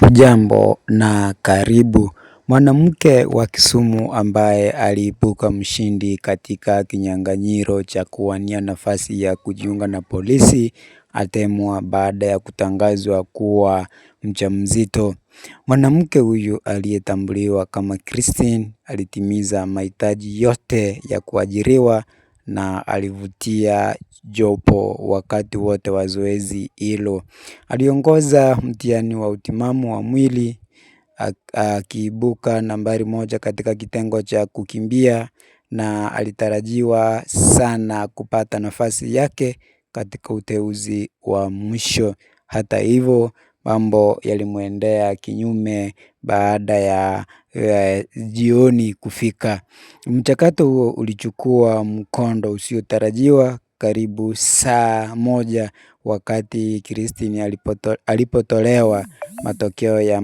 Hujambo na karibu. Mwanamke wa Kisumu ambaye aliibuka mshindi katika kinyang'anyiro cha kuwania nafasi ya kujiunga na polisi atemwa baada ya kutangazwa kuwa mjamzito. Mwanamke huyu aliyetambuliwa kama Christine alitimiza mahitaji yote ya kuajiriwa na alivutia jopo wakati wote wa zoezi hilo. Aliongoza mtihani wa utimamu wa mwili akiibuka nambari moja katika kitengo cha kukimbia na alitarajiwa sana kupata nafasi yake katika uteuzi wa mwisho. Hata hivyo mambo yalimwendea kinyume baada ya jioni kufika. Mchakato huo ulichukua mkondo usiotarajiwa karibu saa moja wakati Christine alipotolewa matokeo ya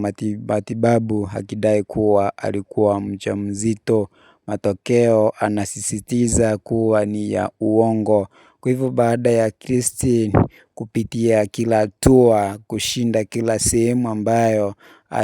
matibabu akidai kuwa alikuwa mjamzito matokeo anasisitiza kuwa ni ya uongo. Kwa hivyo baada ya Christine kupitia kila hatua, kushinda kila sehemu ambayo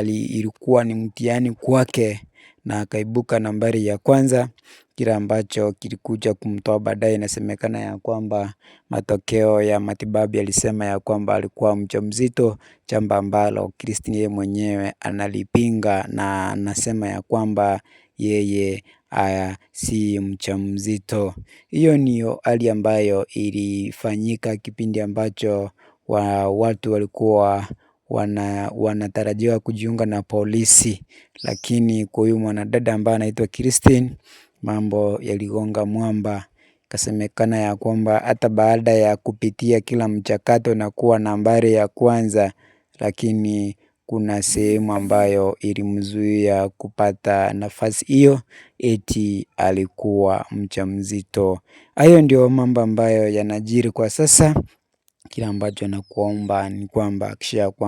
ilikuwa ni mtihani kwake na akaibuka nambari ya kwanza, kile ambacho kilikuja kumtoa baadaye inasemekana ya kwamba matokeo ya matibabu yalisema ya kwamba alikuwa mjamzito, jambo ambalo Christine yeye mwenyewe analipinga na anasema ya kwamba yeye si mchamzito Hiyo ndiyo hali ambayo ilifanyika kipindi ambacho watu walikuwa wanatarajiwa kujiunga na polisi lakini kwa huyu mwanadada ambaye anaitwa Christine mambo yaligonga mwamba. Ikasemekana ya kwamba hata baada ya kupitia kila mchakato na kuwa nambari ya kwanza lakini kuna sehemu ambayo ilimzuia kupata nafasi hiyo eti alikuwa mjamzito. Hayo ndio mambo ambayo yanajiri kwa sasa. Kile ambacho nakuomba ni kwamba hakikisha ya kwamba.